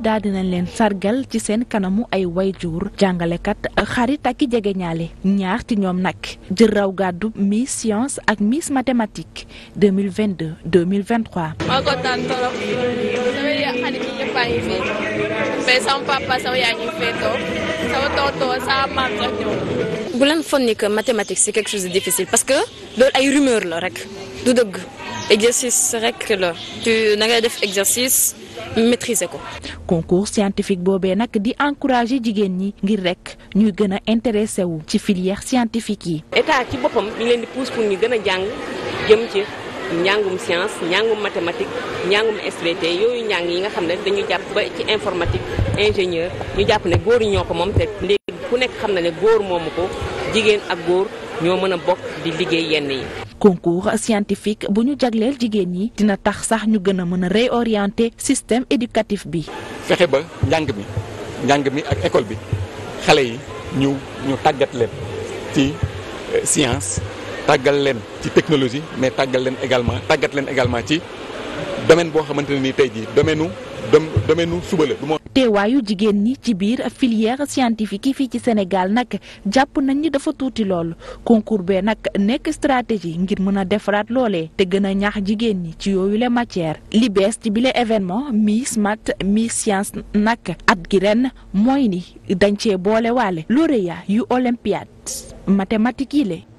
daal dinañ leen sargal ci seen kanamu ay wayjur jàngalekat xarit ak i jegeñaale ñaar ci ñoom nag jël raw gàddu Miss Science ak Miss Mathématiques 2022 2023. maa kontaan trop sama xarit yaa ngi fee toog sama tonton sama maam bu leen foog ni que mathématiques chose de difficile parce que loolu ay rumeur la rek du dëgg exercice rek la. tu na ngay def exercice. maîtriser ko. concours scientifique boobee nag di encourager jigéen ñi ngir rek ñuy gën a intéressé wu ci filière scientifique yi. état ci boppam mi leen di pouse pour ñu gën a jàng jëm ci njàngum science njàngum mathématique njàngum SVT yooyu njàng yi nga xam ne dañu jàpp ba ci informatique ingénieur ñu jàpp ne góor ñoo ko moom te léegi ku nekk xam na ne góor moomu ko jigéen ak góor ñoo mën a bokk di liggéey yenn yi. concours scientifique bu ñu jagleel jigéen ñi dina tax sax ñu gën a mën a réorienter système éducatif bi. fexe ba njàng mi njàng mi ak école bi xale yi ñu ñu tàggat leen ci euh, science tàggal leen ci technologie mais tàggal leen également tàggat leen également ci domaine boo xamante ne nii tey jii domaine suba la. teewaayu jigéen ñi ci biir filière scientifique yi fii ci Sénégal nag jàpp nañ ni dafa tuuti lool concours bee nag nekk stratégie ngir mën a defaraat loole te gën a ñaax jigéen ñi ci yooyu la matière li bees ci bile événement Miss Math Miss Science nag at gi ren mooy ni dañ cee boolewaale lauréat yu olympiade mathématiques yi le